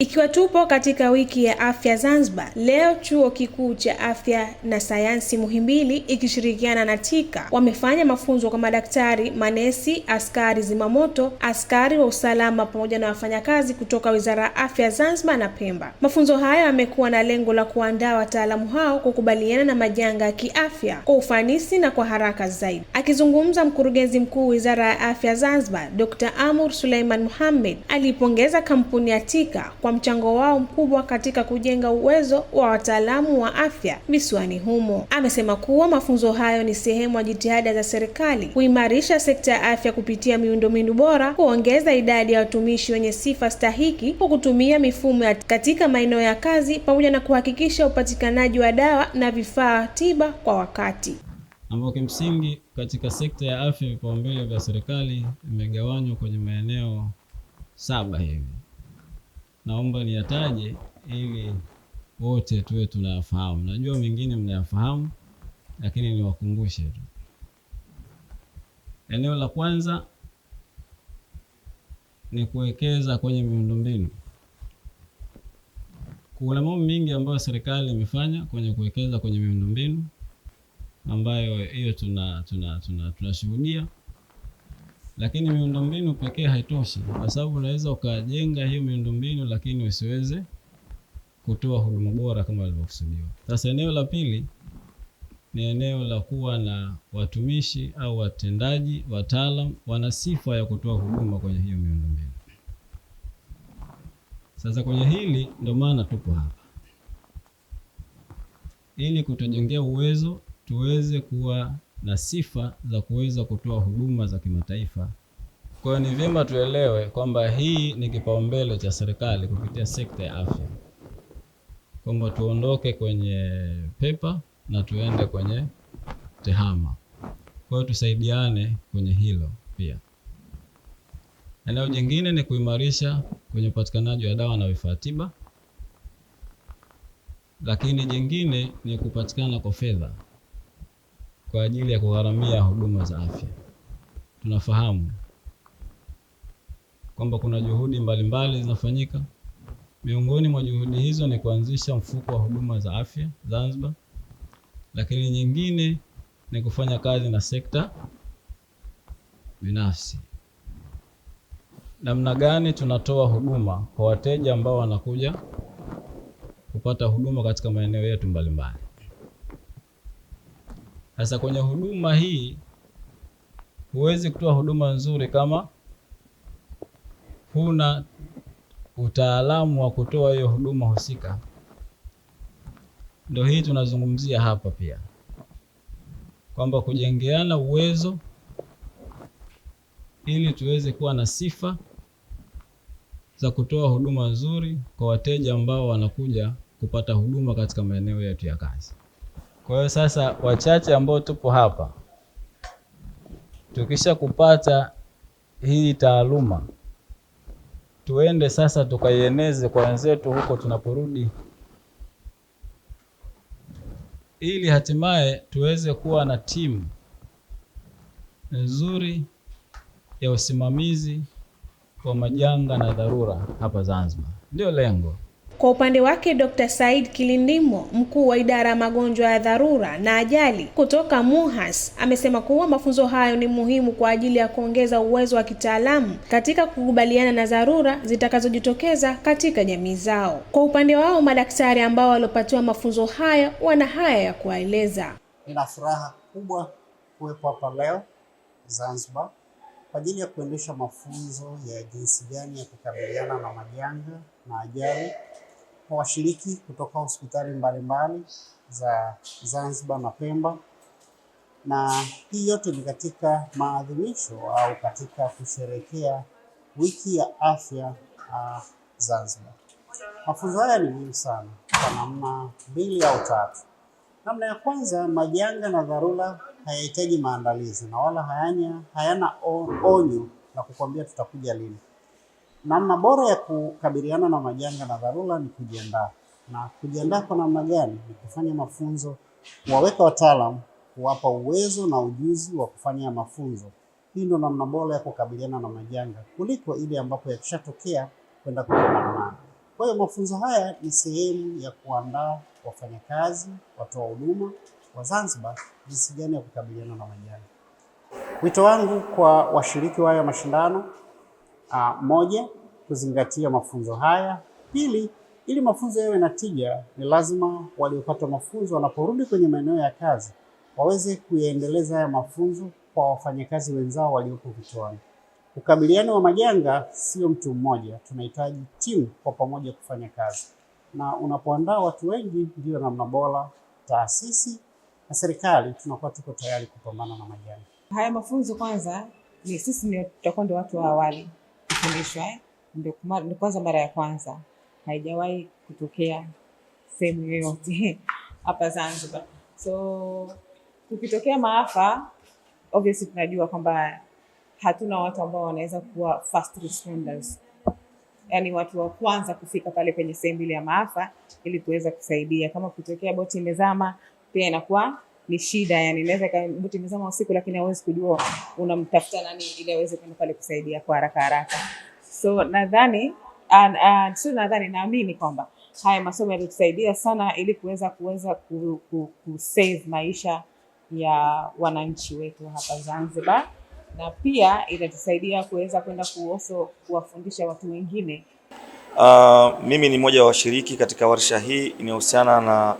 Ikiwa tupo katika wiki ya afya Zanzibar, leo chuo kikuu cha afya na sayansi Muhimbili ikishirikiana na TIKA wamefanya mafunzo kwa madaktari, manesi, askari zimamoto, askari wa usalama pamoja na wafanyakazi kutoka Wizara ya Afya Zanzibar na Pemba. Mafunzo haya yamekuwa na lengo la kuandaa wataalamu hao kukubaliana na majanga ya kiafya kwa ufanisi na kwa haraka zaidi. Akizungumza, mkurugenzi mkuu Wizara ya Afya Zanzibar, Dr. Amur Suleiman muhammed aliipongeza kampuni ya TIKA kwa kwa mchango wao mkubwa katika kujenga uwezo wa wataalamu wa afya visiwani humo. Amesema kuwa mafunzo hayo ni sehemu ya jitihada za serikali kuimarisha sekta ya afya kupitia miundombinu bora, kuongeza idadi ya watumishi wenye sifa stahiki kwa kutumia mifumo katika maeneo ya kazi, pamoja na kuhakikisha upatikanaji wa dawa na vifaa tiba kwa wakati ambao kimsingi katika sekta ya afya vipaumbele vya serikali imegawanywa kwenye maeneo saba hivi naomba niyataje ili wote tuwe tunayafahamu. Najua mengine mnayafahamu, lakini niwakumbushe tu. Eneo la kwanza ni kuwekeza kwenye miundombinu. Kuna mambo mingi ambayo serikali imefanya kwenye kuwekeza kwenye miundombinu ambayo hiyo tunashuhudia tuna, tuna, tuna lakini miundombinu pekee haitoshi, kwa sababu unaweza ukajenga hiyo miundombinu lakini usiweze kutoa huduma bora kama ilivyokusudiwa. Sasa eneo la pili ni eneo la kuwa na watumishi au watendaji wataalam wana sifa ya kutoa huduma kwenye hiyo miundombinu. Sasa kwenye hili ndio maana tupo hapa, ili kutujengea uwezo tuweze kuwa na sifa za kuweza kutoa huduma za kimataifa. Kwa hiyo ni vyema tuelewe kwamba hii ni kipaumbele cha serikali kupitia sekta ya afya, kwamba tuondoke kwenye pepa na tuende kwenye tehama. Kwa hiyo tusaidiane kwenye hilo pia. Eneo jingine ni kuimarisha kwenye upatikanaji wa dawa na vifaa tiba, lakini jingine ni kupatikana kwa fedha kwa ajili ya kugharamia huduma za afya. Tunafahamu kwamba kuna juhudi mbalimbali zinafanyika. Miongoni mwa juhudi hizo ni kuanzisha mfuko wa huduma za afya Zanzibar, lakini nyingine ni kufanya kazi na sekta binafsi. Namna gani tunatoa huduma kwa wateja ambao wanakuja kupata huduma katika maeneo yetu mbalimbali. Sasa kwenye huduma hii huwezi kutoa huduma nzuri kama huna utaalamu wa kutoa hiyo huduma husika. Ndio hii tunazungumzia hapa pia kwamba kujengeana uwezo ili tuweze kuwa na sifa za kutoa huduma nzuri kwa wateja ambao wanakuja kupata huduma katika maeneo yetu ya kazi. Kwa hiyo sasa, wachache ambao tupo hapa, tukisha kupata hii taaluma, tuende sasa tukaieneze kwa wenzetu huko tunaporudi, ili hatimaye tuweze kuwa na timu nzuri ya usimamizi wa majanga na dharura hapa Zanzibar. Ndio lengo. Kwa upande wake Dr. Said Kilindimo, mkuu wa idara ya magonjwa ya dharura na ajali kutoka MUHAS, amesema kuwa mafunzo hayo ni muhimu kwa ajili ya kuongeza uwezo wa kitaalamu katika kukubaliana na dharura zitakazojitokeza katika jamii zao. Kwa upande wao, madaktari ambao waliopatiwa mafunzo haya wana haya ya kuwaeleza. Nina furaha kubwa kuwepo hapa leo Zanzibar kwa ajili ya kuendesha mafunzo ya jinsi gani ya kukabiliana na majanga na ajali kwa washiriki kutoka hospitali mbalimbali za Zanzibar na Pemba, na hii yote ni katika maadhimisho au katika kusherehekea wiki ya afya uh, Zanzibar. Mafunzo haya ni muhimu sana kwa namna mbili au tatu. Namna ya kwanza, majanga na dharura hayahitaji maandalizi na wala hayana, hayana onyo la kukwambia tutakuja lini. Namna bora ya kukabiliana na majanga na dharura ni kujiandaa. Na kujiandaa kwa namna gani? Ni kufanya mafunzo, kuwaweka wataalamu, kuwapa uwezo na ujuzi wa kufanya mafunzo. Hii ndio namna bora ya kukabiliana na majanga kuliko ile ambapo yakishatokea kwenda kupambana nayo. Kwa hiyo mafunzo haya ni sehemu ya kuandaa wafanyakazi, watoa huduma wa Zanzibar jinsi gani ya kukabiliana na majanga. Wito wangu kwa washiriki wa haya mashindano Uh, moja, kuzingatia mafunzo haya. Pili, ili mafunzo yawe na tija, ni lazima waliopata mafunzo wanaporudi kwenye maeneo ya kazi waweze kuyaendeleza haya mafunzo kwa wafanyakazi wenzao waliopo vituoni. Ukabiliano wa majanga sio mtu mmoja, tunahitaji timu kwa pamoja kufanya kazi, na unapoandaa watu wengi, ndiyo namna bora taasisi na serikali tunakuwa tuko tayari kupambana na majanga haya. Mafunzo kwanza ni sisi ndio tutakuwa ndio watu wa awali kufundishwa eh? Ndio kwanza, mara ya kwanza haijawahi kutokea sehemu yoyote hapa Zanzibar. So kukitokea maafa, obviously tunajua kwamba hatuna watu ambao wanaweza kuwa first responders, yani watu wa kwanza kufika pale kwenye sehemu ile ya maafa ili kuweza kusaidia. Kama kutokea boti imezama, pia inakuwa ni shida yani, inaweza ikaboti mezama usiku, lakini hauwezi kujua unamtafuta nani ili aweze kwenda pale kusaidia kwa haraka haraka. So nadhani so nadhani naamini kwamba haya masomo yalitusaidia sana ili kuweza kuweza ku, ku, ku save maisha ya wananchi wetu hapa Zanzibar, na pia itatusaidia kuweza kwenda kuoso kuwafundisha watu wengine. Uh, mimi ni mmoja wa washiriki katika warsha hii inayohusiana na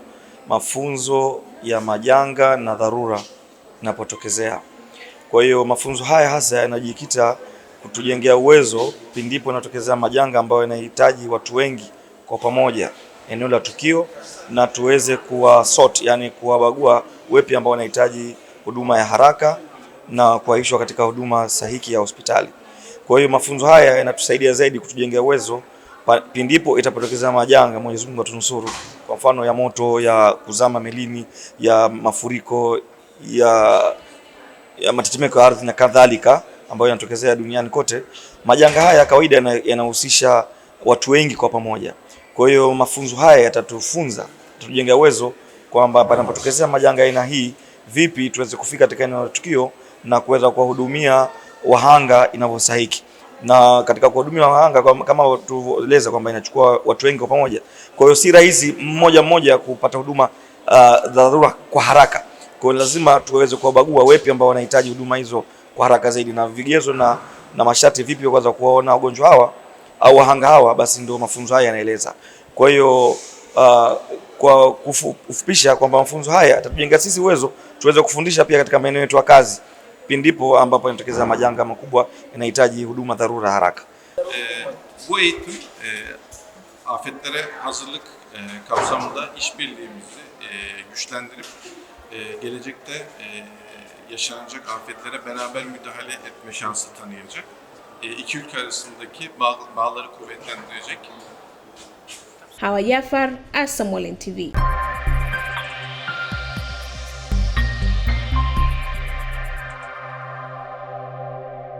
mafunzo ya majanga na dharura inapotokezea. Kwa hiyo mafunzo haya hasa yanajikita kutujengea uwezo pindipo inatokezea majanga ambayo yanahitaji watu wengi kwa pamoja eneo la tukio, na tuweze kuwa sort, yani kuwabagua wepi ambao wanahitaji huduma ya haraka na kuahishwa katika huduma sahihi ya hospitali. Kwa hiyo mafunzo haya yanatusaidia zaidi kutujengea uwezo pindipo itapotokezea majanga. Mwenyezi Mungu atunusuru kwa mfano ya moto, ya kuzama melini, ya mafuriko, ya, ya matetemeko ya ardhi na kadhalika ambayo yanatokezea duniani kote. Majanga haya kawaida yanahusisha watu wengi kwa pamoja. Kwa hiyo mafunzo haya yatatufunza, yatatujenga uwezo kwamba panapotokezea majanga aina hii, vipi tuweze kufika katika eneo la tukio na kuweza kuwahudumia wahanga inavyostahiki na katika kuhudumia wahanga kama tulivyoeleza kwamba inachukua watu wengi kwa pamoja, kwa hiyo si rahisi mmoja mmoja kupata huduma uh, dharura kwa haraka. Kwa hiyo lazima tuweze kuwabagua wepi ambao wanahitaji huduma hizo kwa haraka zaidi, na vigezo na, na masharti vipi kwanza kuwaona wagonjwa hawa au wahanga hawa, basi ndio mafunzo haya yanaeleza. Kwa hiyo uh, kwa kufupisha kwamba mafunzo haya atatujenga sisi uwezo tuweze kufundisha pia katika maeneo yetu ya kazi. Pindi ndipo ambapo inatokeza majanga makubwa, inahitaji huduma dharura haraka. E, bu eğitim e, afetlere hazırlık e, kapsamında işbirliğimizi e, güçlendirip e, gelecekte e, yaşanacak afetlere beraber müdahale etme şansı tanıyacak. E, iki ülke arasındaki bağ, bağları kuvvetlendirecek. Hawa Jafar, ASAM TV.